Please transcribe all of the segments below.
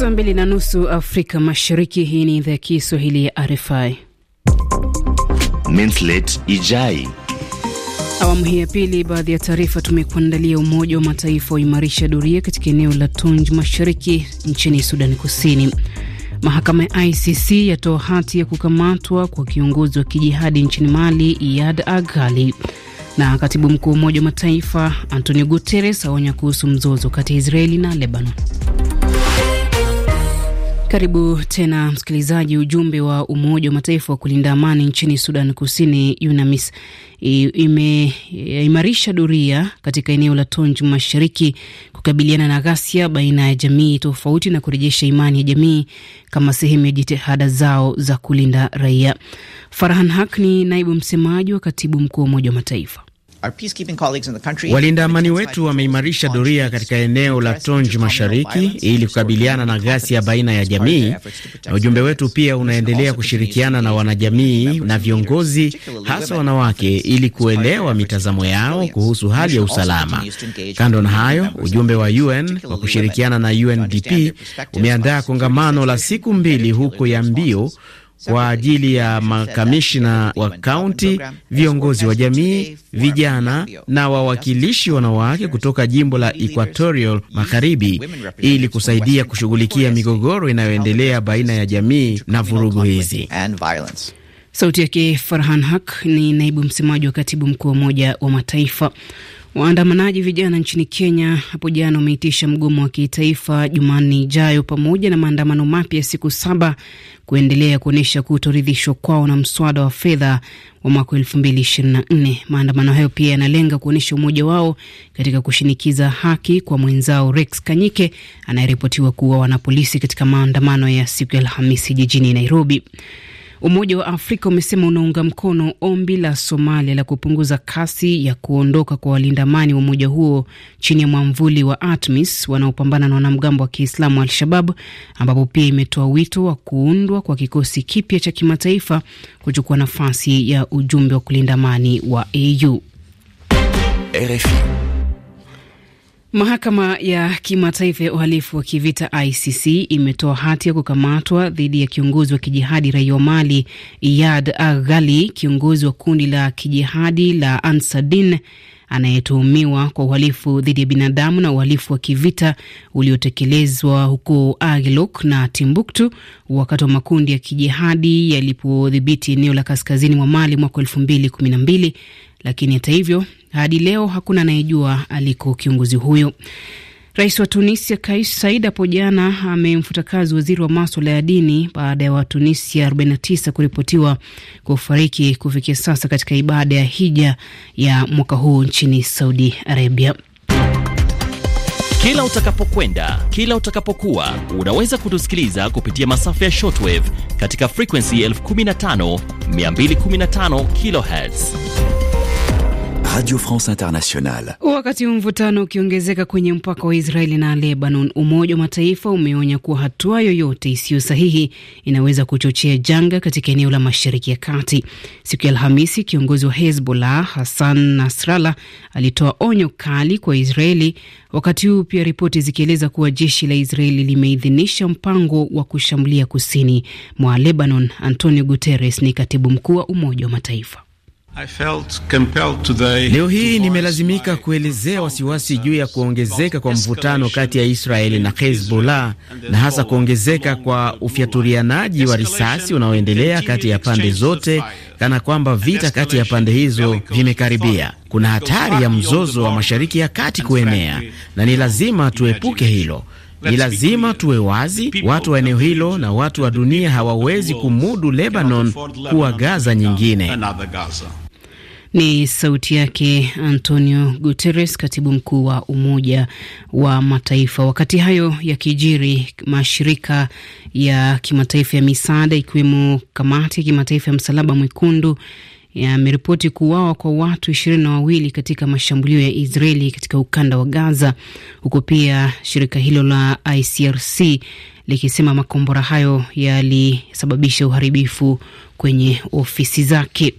Saa mbili na nusu Afrika Mashariki. Hii ni idhaa ya Kiswahili ya RFI. Mintlet Ijai. Awamu hii ya pili, baadhi ya taarifa tumekuandalia. Umoja wa Mataifa waimarisha doria katika eneo la tunj mashariki nchini Sudani Kusini. Mahakama ya ICC yatoa hati ya kukamatwa kwa kiongozi wa kijihadi nchini Mali, Iyad Aghali, na katibu mkuu wa Umoja wa Mataifa Antonio Guterres aonya kuhusu mzozo kati ya Israeli na Lebanon. Karibu tena msikilizaji. Ujumbe wa Umoja wa Mataifa wa kulinda amani nchini Sudan Kusini, UNAMIS, imeimarisha doria katika eneo la Tonj Mashariki kukabiliana na ghasia baina ya jamii tofauti na kurejesha imani ya jamii kama sehemu ya jitihada zao za kulinda raia. Farhan Hak ni naibu msemaji wa katibu mkuu wa Umoja wa Mataifa. Walinda amani wetu wameimarisha doria katika eneo la Tonj mashariki ili kukabiliana na ghasia baina ya jamii, na ujumbe wetu pia unaendelea kushirikiana na wanajamii na viongozi, hasa wanawake, ili kuelewa mitazamo yao kuhusu hali ya usalama. Kando na hayo, ujumbe wa UN kwa kushirikiana na UNDP umeandaa kongamano la siku mbili huko Yambio kwa ajili ya makamishna wa kaunti, viongozi wa jamii, vijana na wawakilishi wanawake kutoka jimbo la Equatorial Magharibi ili kusaidia kushughulikia migogoro inayoendelea baina ya jamii na vurugu hizi. Sauti yake Farhan Haq, ni naibu msemaji wa katibu mkuu wa Umoja wa Mataifa. Waandamanaji vijana nchini Kenya hapo jana wameitisha mgomo wa kitaifa Jumanne ijayo pamoja na maandamano mapya siku saba kuendelea kuonyesha kutoridhishwa kwao na mswada wa fedha wa mwaka nne. Maandamano hayo pia yanalenga kuonyesha umoja wao katika kushinikiza haki kwa mwenzao Rex Kanyike anayeripotiwa kuwa wanapolisi polisi katika maandamano ya siku ya Alhamisi jijini Nairobi. Umoja wa Afrika umesema unaunga mkono ombi la Somalia la kupunguza kasi ya kuondoka kwa walinda mani wa umoja huo chini ya mwamvuli wa ATMIS wanaopambana na wanamgambo wa Kiislamu Al-Shabab, ambapo pia imetoa wito wa kuundwa kwa kikosi kipya cha kimataifa kuchukua nafasi ya ujumbe wa kulinda amani wa AU. RFI. Mahakama ya kimataifa ya uhalifu wa kivita ICC imetoa hati ya kukamatwa dhidi ya kiongozi wa kijihadi raia wa Mali Iyad Aghali, kiongozi wa kundi la kijihadi la Ansadin anayetuhumiwa kwa uhalifu dhidi ya binadamu na uhalifu wa kivita uliotekelezwa huko Aglok na Timbuktu wakati wa makundi ya kijihadi yalipodhibiti eneo la kaskazini mwa Mali mwaka elfu mbili kumi na mbili lakini hata hivyo hadi leo hakuna anayejua aliko kiongozi huyo. Rais wa Tunisia Kais said hapo jana amemfuta kazi waziri wa maswala ya dini baada ya Watunisia 49 kuripotiwa kufariki kufikia sasa katika ibada ya hija ya mwaka huu nchini Saudi Arabia. Kila utakapokwenda, kila utakapokuwa, unaweza kutusikiliza kupitia masafa ya shortwave katika frequency 15215 kh Radio France Internationale. Wakati mvutano ukiongezeka kwenye mpaka wa Israeli na Lebanon, Umoja wa Mataifa umeonya kuwa hatua yoyote isiyo sahihi inaweza kuchochea janga katika eneo la Mashariki ya Kati. Siku ya Alhamisi, kiongozi wa Hezbollah Hassan Nasrallah alitoa onyo kali kwa Israeli, wakati huu pia ripoti zikieleza kuwa jeshi la Israeli limeidhinisha mpango wa kushambulia kusini mwa Lebanon. Antonio Guterres ni katibu mkuu wa Umoja wa Mataifa. Leo hii nimelazimika kuelezea wasiwasi juu ya kuongezeka kwa mvutano kati ya Israeli na Hezbollah na hasa kuongezeka kwa ufyaturianaji wa risasi unaoendelea kati ya pande zote kana kwamba vita kati ya pande hizo vimekaribia. Kuna hatari ya mzozo wa Mashariki ya Kati kuenea na ni lazima tuepuke hilo. Ni lazima tuwe wazi. Watu wa eneo hilo na watu wa dunia hawawezi kumudu Lebanon kuwa Gaza nyingine. Ni sauti yake Antonio Guterres, katibu mkuu wa Umoja wa Mataifa. Wakati hayo yakijiri, mashirika ya kimataifa ya misaada ikiwemo kamati ya kimataifa ya Msalaba Mwekundu yameripoti kuuawa kwa watu ishirini na wawili katika mashambulio ya Israeli katika ukanda wa Gaza, huku pia shirika hilo la ICRC likisema makombora hayo yalisababisha uharibifu kwenye ofisi zake.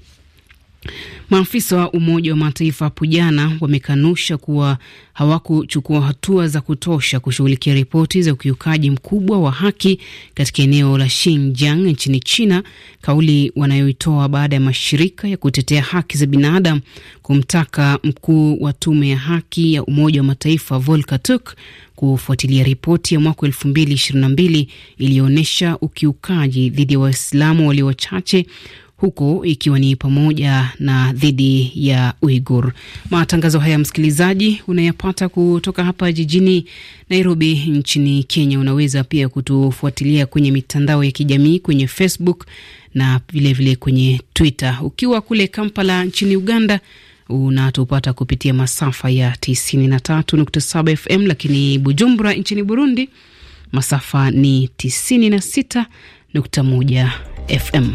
Maafisa wa Umoja wa Mataifa hapo jana wamekanusha kuwa hawakuchukua hatua za kutosha kushughulikia ripoti za ukiukaji mkubwa wa haki katika eneo la Xinjiang nchini China, kauli wanayoitoa baada ya mashirika ya kutetea haki za binadamu kumtaka mkuu wa tume ya haki ya Umoja wa Mataifa Volker Turk kufuatilia ripoti ya mwaka mbili iliyoonyesha ukiukaji dhidi ya Waislamu walio wachache huku ikiwa ni pamoja na dhidi ya Uigur. Matangazo haya msikilizaji, unayapata kutoka hapa jijini Nairobi nchini Kenya. Unaweza pia kutufuatilia kwenye mitandao ya kijamii kwenye Facebook na vilevile vile kwenye Twitter. Ukiwa kule Kampala nchini Uganda unatupata kupitia masafa ya 93.7 FM, lakini Bujumbura nchini Burundi masafa ni 96.1 FM.